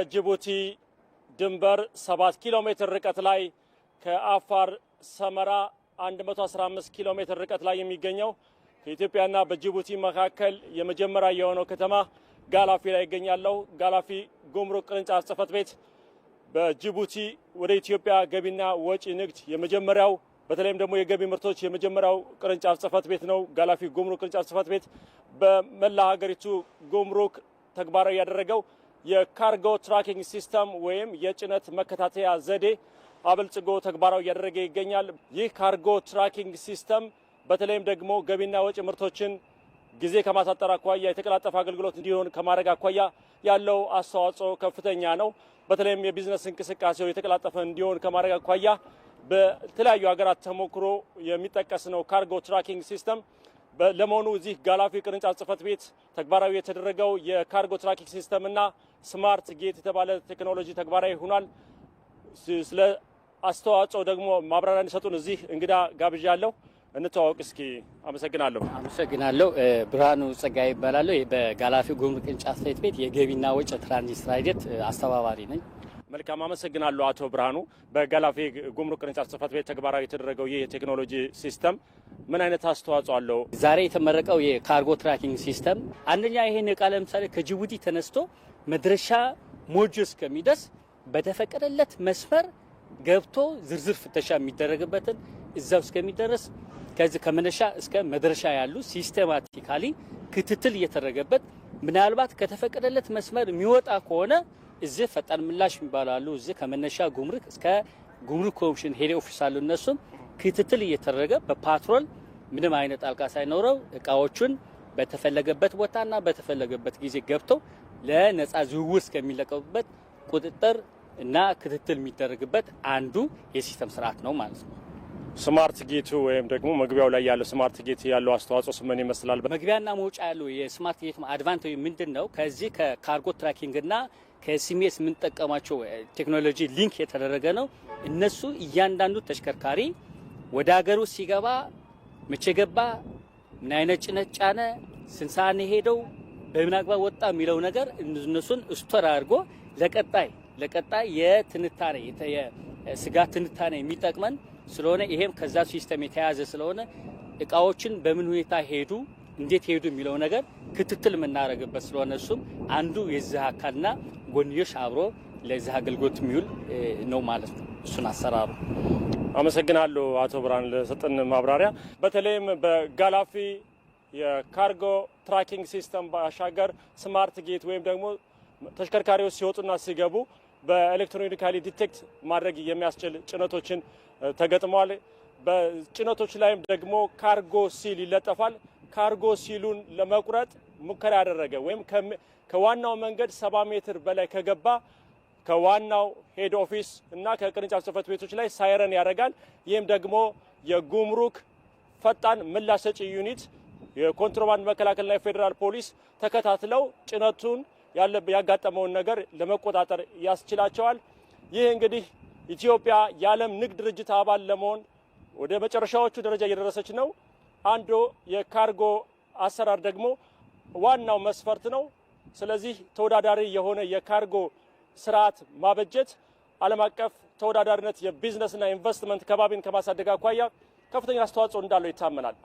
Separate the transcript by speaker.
Speaker 1: ከጅቡቲ ድንበር 7 ኪሎ ሜትር ርቀት ላይ ከአፋር ሰመራ 115 ኪሎ ሜትር ርቀት ላይ የሚገኘው በኢትዮጵያና በጅቡቲ መካከል የመጀመሪያ የሆነው ከተማ ጋላፊ ላይ ይገኛለሁ። ጋላፊ ጉምሩክ ቅርንጫፍ ጽፈት ቤት በጅቡቲ ወደ ኢትዮጵያ ገቢና ወጪ ንግድ የመጀመሪያው በተለይም ደግሞ የገቢ ምርቶች የመጀመሪያው ቅርንጫፍ ጽህፈት ቤት ነው። ጋላፊ ጉምሩክ ቅርንጫፍ ጽሕፈት ቤት በመላ ሀገሪቱ ጉምሩክ ተግባራዊ ያደረገው የካርጎ ትራኪንግ ሲስተም ወይም የጭነት መከታተያ ዘዴ አበልጽጎ ተግባራዊ እያደረገ ይገኛል። ይህ ካርጎ ትራኪንግ ሲስተም በተለይም ደግሞ ገቢና ወጪ ምርቶችን ጊዜ ከማሳጠር አኳያ የተቀላጠፈ አገልግሎት እንዲሆን ከማድረግ አኳያ ያለው አስተዋጽኦ ከፍተኛ ነው። በተለይም የቢዝነስ እንቅስቃሴው የተቀላጠፈ እንዲሆን ከማድረግ አኳያ በተለያዩ ሀገራት ተሞክሮ የሚጠቀስ ነው። ካርጎ ትራኪንግ ሲስተም ለመሆኑ እዚህ ጋላፊ ቅርንጫፍ ጽህፈት ቤት ተግባራዊ የተደረገው የካርጎ ትራኪንግ ሲስተምና ስማርት ጌት የተባለ ቴክኖሎጂ ተግባራዊ ሆኗል። ስለ አስተዋጽኦ ደግሞ ማብራሪያ እንዲሰጡን እዚህ እንግዳ ጋብዣለሁ። እንተዋወቅ እስኪ። አመሰግናለሁ።
Speaker 2: አመሰግናለሁ። ብርሃኑ ጸጋይ ይባላለሁ። በጋላፊ ጉምሩክ ቅርንጫፍ ጽህፈት ቤት የገቢና ወጪ ትራንዚት ስራ ሂደት አስተባባሪ ነኝ።
Speaker 1: መልካም አመሰግናለሁ አቶ ብርሃኑ። በጋላፊ ጉምሩክ ቅርንጫፍ ጽህፈት ቤት ተግባራዊ የተደረገው ይህ የቴክኖሎጂ ሲስተም ምን አይነት አስተዋጽኦ አለው?
Speaker 2: ዛሬ የተመረቀው የካርጎ ትራኪንግ ሲስተም አንደኛ ይህን እቃ ለምሳሌ ከጅቡቲ ተነስቶ መድረሻ ሞጆ እስከሚደርስ በተፈቀደለት መስመር ገብቶ ዝርዝር ፍተሻ የሚደረግበትን እዛው እስከሚደረስ ከዚህ ከመነሻ እስከ መድረሻ ያሉ ሲስተማቲካሊ ክትትል እየተደረገበት ምናልባት ከተፈቀደለት መስመር የሚወጣ ከሆነ እዚህ ፈጣን ምላሽ የሚባሉ አሉ። እዚህ ከመነሻ ጉምሩክ እስከ ጉምሩክ ኮሚሽን ሄድ ኦፊስ አሉ። እነሱም ክትትል እየተደረገ በፓትሮል ምንም አይነት ጣልቃ ሳይኖረው እቃዎቹን በተፈለገበት ቦታና በተፈለገበት ጊዜ ገብተው ለነፃ ዝውውር እስከሚለቀቁበት ቁጥጥር እና ክትትል የሚደረግበት አንዱ የሲስተም ስርዓት ነው ማለት ነው።
Speaker 1: ስማርት ጌቱ ወይም ደግሞ መግቢያው ላይ ያለው ስማርት ጌት ያለው አስተዋጽኦ ምን ይመስላል?
Speaker 2: መግቢያና መውጫ ያለው የስማርት ጌት አድቫንቴጅ ምንድን ነው? ከዚህ ከካርጎ ትራኪንግና ከሲሜስ የምንጠቀማቸው ቴክኖሎጂ ሊንክ የተደረገ ነው። እነሱ እያንዳንዱ ተሽከርካሪ ወደ ሀገር ውስጥ ሲገባ መቼ ገባ፣ ምን አይነት ጭነት ጫነ፣ ስንት ሰዓት በምን አግባብ ወጣ የሚለው ነገር እነሱን ስቶር አድርጎ ለቀጣይ ለቀጣይ የትንታኔ ስጋት ትንታኔ የሚጠቅመን ስለሆነ ይሄም ከዛ ሲስተም የተያዘ ስለሆነ እቃዎችን በምን ሁኔታ ሄዱ እንዴት ሄዱ የሚለው ነገር ክትትል የምናደርግበት ስለሆነ እሱም አንዱ የዚህ አካልና ጎንዮሽ አብሮ ለዚህ አገልግሎት የሚውል ነው ማለት ነው። እሱን አሰራሩ።
Speaker 1: አመሰግናለሁ አቶ ብርሃን ለሰጠን ማብራሪያ። በተለይም በጋላፊ የካርጎ ትራኪንግ ሲስተም ባሻገር ስማርት ጌት ወይም ደግሞ ተሽከርካሪዎች ሲወጡና ሲገቡ በኤሌክትሮኒካሊ ዲቴክት ማድረግ የሚያስችል ጭነቶችን ተገጥመዋል። በጭነቶች ላይም ደግሞ ካርጎ ሲል ይለጠፋል። ካርጎ ሲሉን ለመቁረጥ ሙከራ ያደረገ ወይም ከዋናው መንገድ ሰባ ሜትር በላይ ከገባ ከዋናው ሄድ ኦፊስ እና ከቅርንጫፍ ጽህፈት ቤቶች ላይ ሳይረን ያደርጋል። ይህም ደግሞ የጉምሩክ ፈጣን ምላሽ ሰጪ ዩኒት የኮንትሮባንድ መከላከልና የፌዴራል ፖሊስ ተከታትለው ጭነቱን ያጋጠመውን ነገር ለመቆጣጠር ያስችላቸዋል። ይህ እንግዲህ ኢትዮጵያ የዓለም ንግድ ድርጅት አባል ለመሆን ወደ መጨረሻዎቹ ደረጃ እየደረሰች ነው። አንዱ የካርጎ አሰራር ደግሞ ዋናው መስፈርት ነው። ስለዚህ ተወዳዳሪ የሆነ የካርጎ ስርዓት ማበጀት ዓለም አቀፍ ተወዳዳሪነት የቢዝነስና ኢንቨስትመንት ከባቢን ከማሳደግ አኳያ ከፍተኛ አስተዋጽኦ እንዳለው ይታመናል።